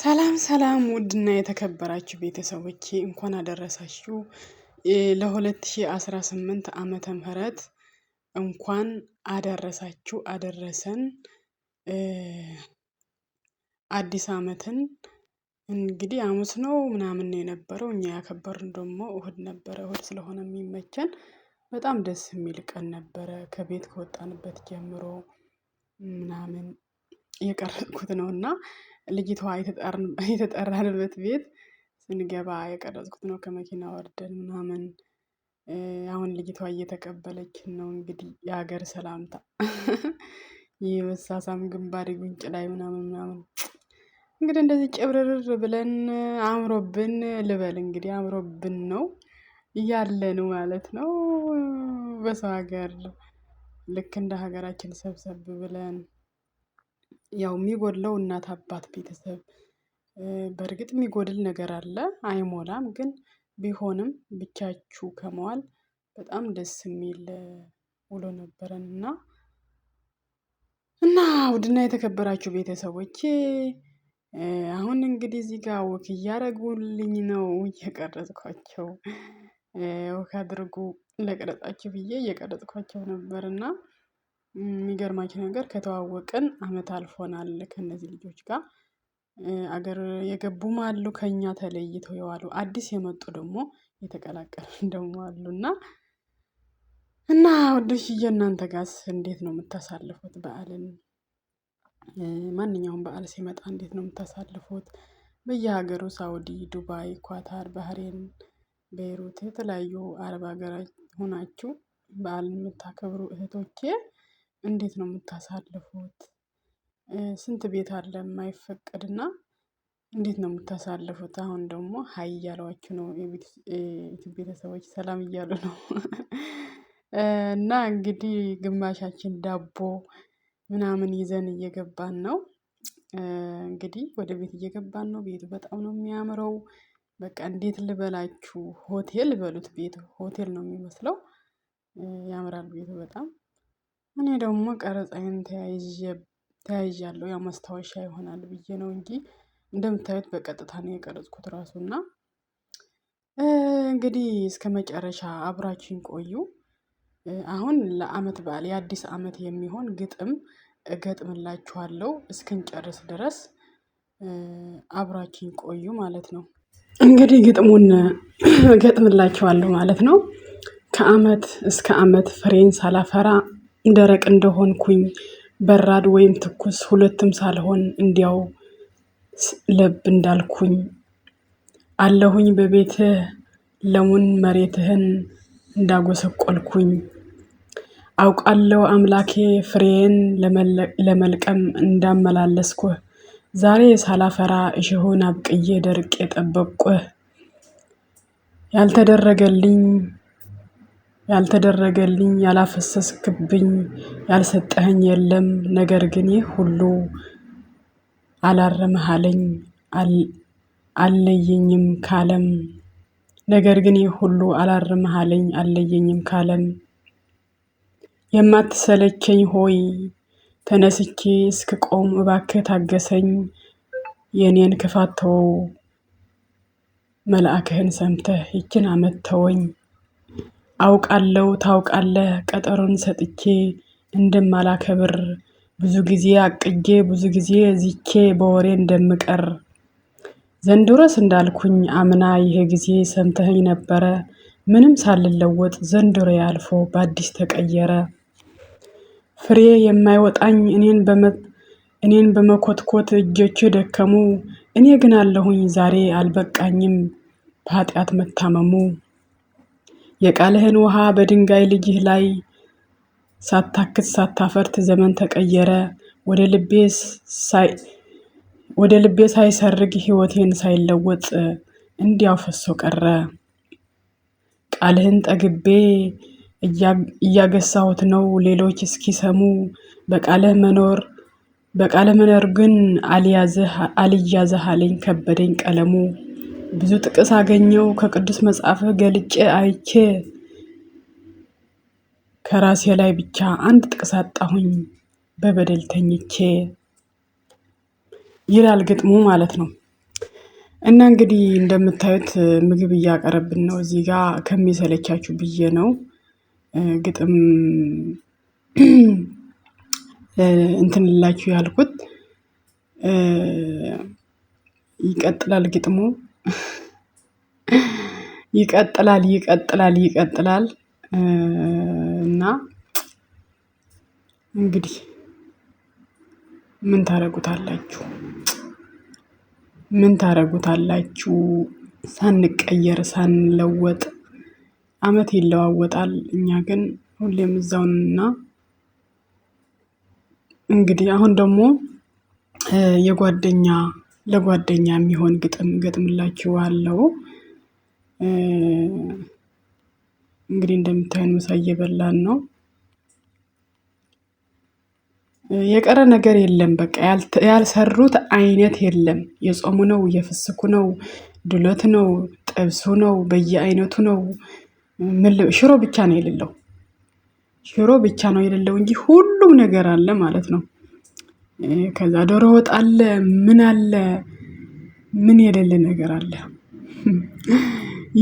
ሰላም ሰላም ውድና የተከበራችሁ ቤተሰቦቼ እንኳን አደረሳችሁ ለ2018 ዓመተ ምህረት እንኳን አደረሳችሁ አደረሰን። አዲስ አመትን እንግዲህ አሙስ ነው ምናምን ነው የነበረው። እኛ ያከበርን ደግሞ እሁድ ነበረ። እሁድ ስለሆነ የሚመቸን በጣም ደስ የሚል ቀን ነበረ። ከቤት ከወጣንበት ጀምሮ ምናምን የቀረጥኩት ነው እና ልጅቷ የተጠራንበት ቤት ስንገባ የቀረጽኩት ነው። ከመኪና ወርደን ምናምን አሁን ልጅቷ እየተቀበለች ነው። እንግዲህ የሀገር ሰላምታ ይህ መሳሳም ግንባር ጉንጭ ላይ ምናምን ምናምን እንግዲህ እንደዚህ ጭብርር ብለን አምሮብን ልበል እንግዲህ አምሮብን ነው እያለን ማለት ነው። በሰው ሀገር ልክ እንደ ሀገራችን ሰብሰብ ብለን ያው የሚጎድለው እናት አባት ቤተሰብ በእርግጥ የሚጎድል ነገር አለ አይሞላም ግን ቢሆንም ብቻችሁ ከመዋል በጣም ደስ የሚል ውሎ ነበረን። እና እና ውድና የተከበራችሁ ቤተሰቦቼ አሁን እንግዲህ እዚህ ጋር ወክ እያደረጉልኝ ነው እየቀረጽኳቸው ወክ አድርጉ ለቀረጻችሁ ብዬ እየቀረጽኳቸው ነበር እና የሚገርማቸው ነገር ከተዋወቅን አመት አልፎናል ከነዚህ ልጆች ጋር አገር የገቡም አሉ ከኛ ተለይተው የዋሉ አዲስ የመጡ ደግሞ የተቀላቀሉ ደግሞ አሉ እና እና ወደሽዬ እናንተ ጋስ እንዴት ነው የምታሳልፉት በዓልን? ማንኛውም በዓል ሲመጣ እንዴት ነው የምታሳልፉት? በየሀገሩ ሳውዲ፣ ዱባይ፣ ኳታር፣ ባህሬን፣ ቤይሩት የተለያዩ አረብ ሀገራት ሆናችሁ በዓልን የምታከብሩ እህቶቼ እንዴት ነው የምታሳልፉት? ስንት ቤት አለ የማይፈቀድና እንዴት ነው የምታሳልፉት? አሁን ደግሞ ሀይ እያሏችሁ ነው ቤተሰቦች ሰላም እያሉ ነው። እና እንግዲህ ግማሻችን ዳቦ ምናምን ይዘን እየገባን ነው። እንግዲህ ወደ ቤት እየገባን ነው ቤቱ በጣም ነው የሚያምረው። በቃ እንዴት ልበላችሁ ሆቴል በሉት ቤቱ ሆቴል ነው የሚመስለው። ያምራል ቤቱ በጣም እኔ ደግሞ ቀረጻዬን ተያይዣለሁ ያው ማስታወሻ ይሆናል ብዬ ነው እንጂ እንደምታዩት በቀጥታ ነው የቀረጽኩት ራሱ እና እንግዲህ መጨረሻ አብራችን ቆዩ። አሁን ለአመት በዓል የአዲስ አመት የሚሆን ግጥም እገጥምላችኋለሁ እስክንጨርስ ድረስ አብራችን ቆዩ ማለት ነው። እንግዲህ ግጥሙን እገጥምላችኋለሁ ማለት ነው። ከአመት እስከ አመት ፍሬን ሳላፈራ ደረቅ እንደሆንኩኝ በራድ ወይም ትኩስ ሁለትም ሳልሆን እንዲያው ለብ እንዳልኩኝ አለሁኝ በቤትህ ለሙን መሬትህን እንዳጎሰቆልኩኝ አውቃለሁ አምላኬ ፍሬዬን ለመልቀም እንዳመላለስኩህ ዛሬ ሳላፈራ እሽሆን አብቅዬ ደርቅ የጠበቅኩህ ያልተደረገልኝ ያልተደረገልኝ ያላፈሰስክብኝ ያልሰጠኸኝ የለም። ነገር ግን ይህ ሁሉ አላረመሃለኝ አለየኝም ካለም ነገር ግን ይህ ሁሉ አላረመሃለኝ አለየኝም ካለም የማትሰለቸኝ ሆይ ተነስቼ እስክቆም እባክህ ታገሰኝ። የእኔን ክፋት ተወው፣ መልአክህን ሰምተህ ይችን አመት ተወኝ። አውቃለሁ ታውቃለህ ቀጠሮን ሰጥቼ እንደማላከብር ብዙ ጊዜ አቅጄ ብዙ ጊዜ ዝቼ በወሬ እንደምቀር ዘንድሮስ እንዳልኩኝ አምና ይሄ ጊዜ ሰምተኸኝ ነበረ ምንም ሳልለወጥ ዘንድሮ ያልፎ በአዲስ ተቀየረ። ፍሬ የማይወጣኝ እኔን በመኮትኮት እጆች ደከሙ እኔ ግን አለሁኝ ዛሬ አልበቃኝም። በኃጢአት መታመሙ የቃልህን ውሃ በድንጋይ ልጅህ ላይ ሳታክት ሳታፈርት ዘመን ተቀየረ። ወደ ልቤ ሳይሰርግ ሕይወቴን ሳይለወጥ እንዲያው ፈሶ ቀረ። ቃልህን ጠግቤ እያገሳሁት ነው ሌሎች እስኪሰሙ በቃልህ መኖር በቃለ መኖር ግን አልያዘህ አልያዘህ አለኝ ከበደኝ ቀለሙ ብዙ ጥቅስ አገኘው ከቅዱስ መጽሐፍ ገልጬ አይቼ ከራሴ ላይ ብቻ አንድ ጥቅስ አጣሁኝ በበደል ተኝቼ ይላል ግጥሙ ማለት ነው። እና እንግዲህ እንደምታዩት ምግብ እያቀረብን ነው። እዚህ ጋር ከሚሰለቻችሁ ብዬ ነው ግጥም እንትንላችሁ ያልኩት። ይቀጥላል ግጥሙ። ይቀጥላል ይቀጥላል ይቀጥላል። እና እንግዲህ ምን ታደርጉታላችሁ? ምን ታረጉታላችሁ? ሳንቀየር ሳንለወጥ አመት ይለዋወጣል እኛ ግን ሁሌም እዛውንና እንግዲህ አሁን ደግሞ የጓደኛ ለጓደኛ የሚሆን ግጥም ገጥምላችኋለሁ። እንግዲህ እንደምታዩን ምሳ እየበላን ነው። የቀረ ነገር የለም በቃ ያልሰሩት አይነት የለም። የጾሙ ነው የፍስኩ ነው ዱለት ነው ጥብሱ ነው በየአይነቱ ነው። ሽሮ ብቻ ነው የሌለው። ሽሮ ብቻ ነው የሌለው እንጂ ሁሉም ነገር አለ ማለት ነው ከዛ ዶሮ ወጥ አለ ምን አለ ምን የሌለ ነገር አለ።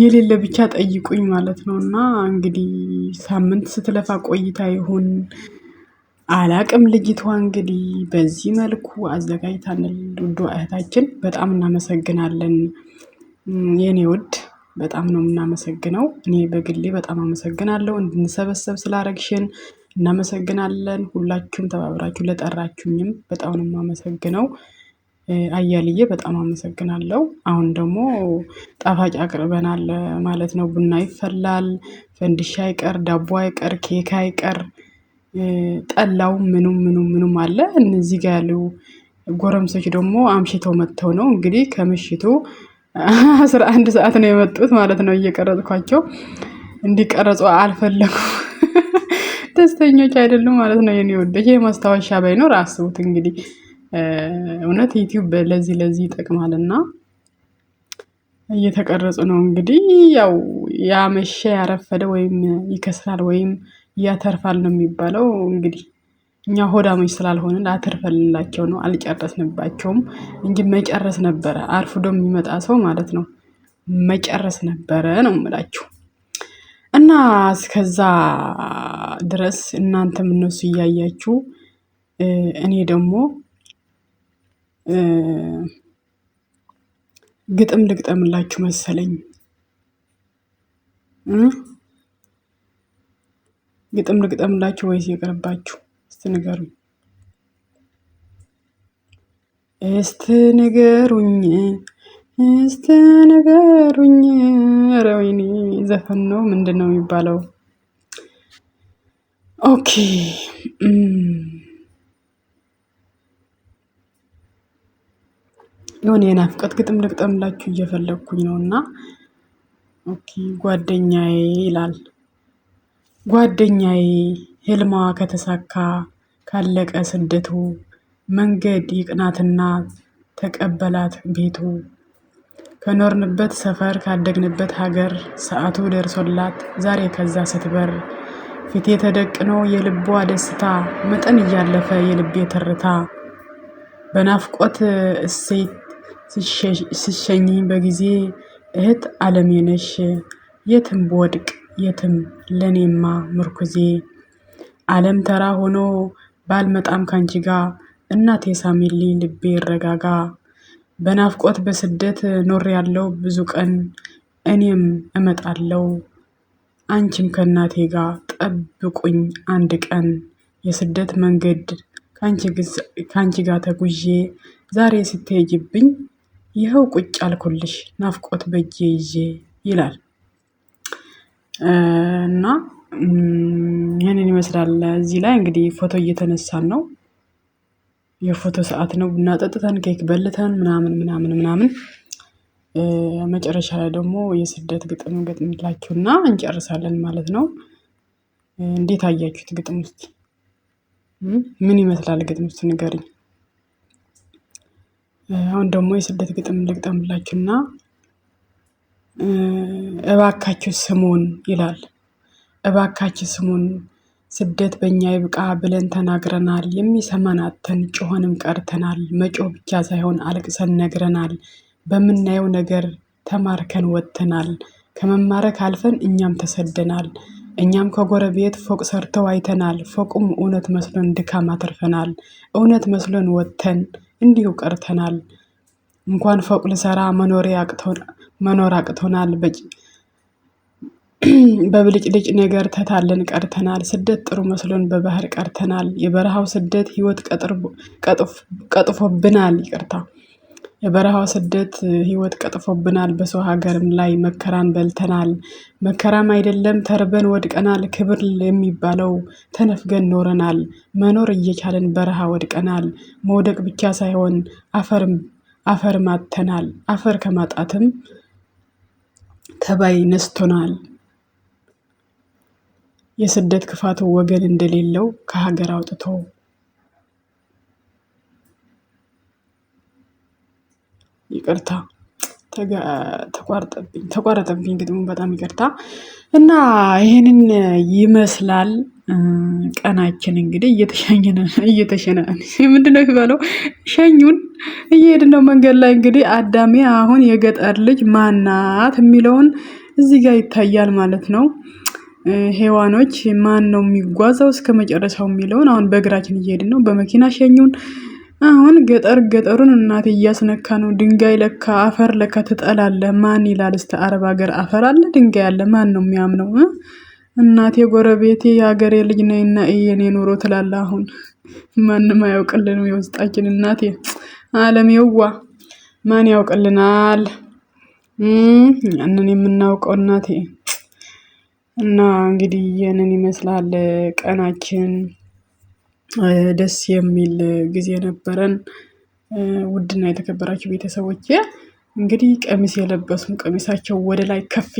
የሌለ ብቻ ጠይቁኝ ማለት ነው። እና እንግዲህ ሳምንት ስትለፋ ቆይታ ይሁን አላቅም። ልጅቷ እንግዲህ በዚህ መልኩ አዘጋጅታንል ውዱ እህታችን በጣም እናመሰግናለን። የኔ ውድ በጣም ነው የምናመሰግነው እኔ በግሌ በጣም አመሰግናለሁ እንድንሰበሰብ ስላረግሽን እናመሰግናለን። ሁላችሁም ተባብራችሁ ለጠራችሁኝም በጣም ነው የማመሰግነው። አያልዬ በጣም አመሰግናለሁ። አሁን ደግሞ ጣፋጭ አቅርበናል ማለት ነው። ቡና ይፈላል፣ ፈንዲሻ አይቀር፣ ዳቦ አይቀር፣ ኬክ አይቀር፣ ጠላው ምኑም ምኑም ምኑም አለ። እነዚህ ጋር ያሉ ጎረምሶች ደግሞ አምሽተው መጥተው ነው እንግዲህ ከምሽቱ አስራ አንድ ሰዓት ነው የመጡት ማለት ነው። እየቀረጽኳቸው እንዲቀረጹ አልፈለጉም። ደስተኞች አይደሉም ማለት ነው። የኔ ወደ ይሄ ማስታወሻ ባይኖር አስቡት እንግዲህ እውነት ዩቲዩብ ለዚህ ለዚህ ይጠቅማልና እየተቀረጹ ነው እንግዲህ ያው ያመሸ ያረፈደ ወይም ይከስራል ወይም ያተርፋል ነው የሚባለው። እንግዲህ እኛ ሆዳሞች ስላልሆነ ላተርፈልላቸው ነው አልጨረስንባቸውም እንጂ መጨረስ ነበረ። አርፍዶ የሚመጣ ሰው ማለት ነው መጨረስ ነበረ ነው የምላችሁ። እና እስከዛ ድረስ እናንተም እነሱ እያያችሁ እኔ ደግሞ ግጥም ልግጠምላችሁ መሰለኝ። ግጥም ልግጠምላችሁ ወይስ የቀረባችሁ? እስቲ ንገሩኝ፣ እስቲ ንገሩኝ እስቲ ንገሩኝ ኧረ ወይኔ ዘፈን ነው ምንድን ነው የሚባለው? ኦኬ የሆነ የናፍቆት ግጥም ልግጠምላችሁ እየፈለግኩኝ ነው እና ጓደኛዬ ይላል ጓደኛዬ ህልማ ከተሳካ ካለቀ ስደቱ መንገድ ይቅናትና ተቀበላት ቤቱ ከኖርንበት ሰፈር ካደግንበት ሀገር ሰዓቱ ደርሶላት ዛሬ ከዛ ስትበር ፊቴ ተደቅኖ የልቧ ደስታ መጠን እያለፈ የልቤ ትርታ በናፍቆት እሴት ስሸኝ በጊዜ እህት አለሜ ነሽ የትም ብወድቅ የትም ለኔማ ምርኩዜ አለም ተራ ሆኖ ባልመጣም ካንቺ ጋ እናቴ ሳሚሊ ልቤ ይረጋጋ በናፍቆት በስደት ያለው ብዙ ቀን እኔም እመጣለው አንቺም ከእናቴ ጋር ጠብቁኝ አንድ ቀን የስደት መንገድ ከአንቺ ጋር ተጉዤ ዛሬ ስትሄጅብኝ ይኸው ቁጭ አልኩልሽ ናፍቆት በጄ ይዤ ይላል እና ይህንን ይመስላል። እዚህ ላይ እንግዲህ ፎቶ እየተነሳን ነው። የፎቶ ሰዓት ነው። ቡና ጠጥተን ኬክ በልተን ምናምን ምናምን ምናምን መጨረሻ ላይ ደግሞ የስደት ግጥም ገጥምላችሁና እንጨርሳለን ማለት ነው። እንዴት አያችሁት? ግጥም ውስጥ ምን ይመስላል? ግጥም ውስጥ ንገሪኝ። አሁን ደግሞ የስደት ግጥም ልግጠምላችሁና እባካችሁ ስሙን ይላል። እባካችሁ ስሙን ስደት በእኛ ይብቃ ብለን ተናግረናል። የሚሰማን አጥተን ጮኸንም ቀርተናል። መጮህ ብቻ ሳይሆን አልቅሰን ነግረናል። በምናየው ነገር ተማርከን ወጥተናል። ከመማረክ አልፈን እኛም ተሰደናል። እኛም ከጎረቤት ፎቅ ሰርተው አይተናል። ፎቁም እውነት መስሎን ድካም አትርፈናል። እውነት መስሎን ወጥተን እንዲሁ ቀርተናል። እንኳን ፎቅ ልሰራ መኖር አቅቶናል። በብልጭልጭ ነገር ተታለን ቀርተናል። ስደት ጥሩ መስሎን በባህር ቀርተናል። የበረሃው ስደት ህይወት ቀጥፎብናል። ይቅርታ የበረሃው ስደት ህይወት ቀጥፎብናል። በሰው ሀገርም ላይ መከራን በልተናል። መከራም አይደለም ተርበን ወድቀናል። ክብር የሚባለው ተነፍገን ኖረናል። መኖር እየቻለን በረሃ ወድቀናል። መውደቅ ብቻ ሳይሆን አፈር ማጥተናል። አፈር ከማጣትም ተባይ ነስቶናል። የስደት ክፋት ወገን እንደሌለው ከሀገር አውጥቶ ይቅርታ ተቋርጠብኝ ተቋረጠብኝ ግጥሙ በጣም ይቅርታ። እና ይህንን ይመስላል ቀናችን እንግዲህ እየተሻኘን እየተሸነ ምንድነው የሚባለው? ሸኙን እየሄድን ነው መንገድ ላይ እንግዲህ አዳሜ አሁን የገጠር ልጅ ማናት የሚለውን እዚህ ጋር ይታያል ማለት ነው። ሄዋኖች ማን ነው የሚጓዘው እስከ መጨረሻው የሚለውን አሁን በእግራችን እየሄድን ነው። በመኪና ሸኙን። አሁን ገጠር ገጠሩን እናቴ እያስነካ ነው። ድንጋይ ለካ አፈር ለካ ትጠላለ። ማን ይላል እስተ አረብ ሀገር አፈር አለ ድንጋይ አለ። ማን ነው የሚያምነው? እናቴ ጎረቤቴ የሀገሬ ልጅ ነይና እየኔ ኑሮ ትላለ። አሁን ማንም አያውቅልንም የውስጣችን እናቴ አለም የዋ ማን ያውቅልናል? ያንን የምናውቀው እናቴ እና እንግዲህ ይህንን ይመስላል ቀናችን። ደስ የሚል ጊዜ ነበረን። ውድና የተከበራችሁ ቤተሰቦች እንግዲህ ቀሚስ የለበሱ ቀሚሳቸው ወደ ላይ ከፍ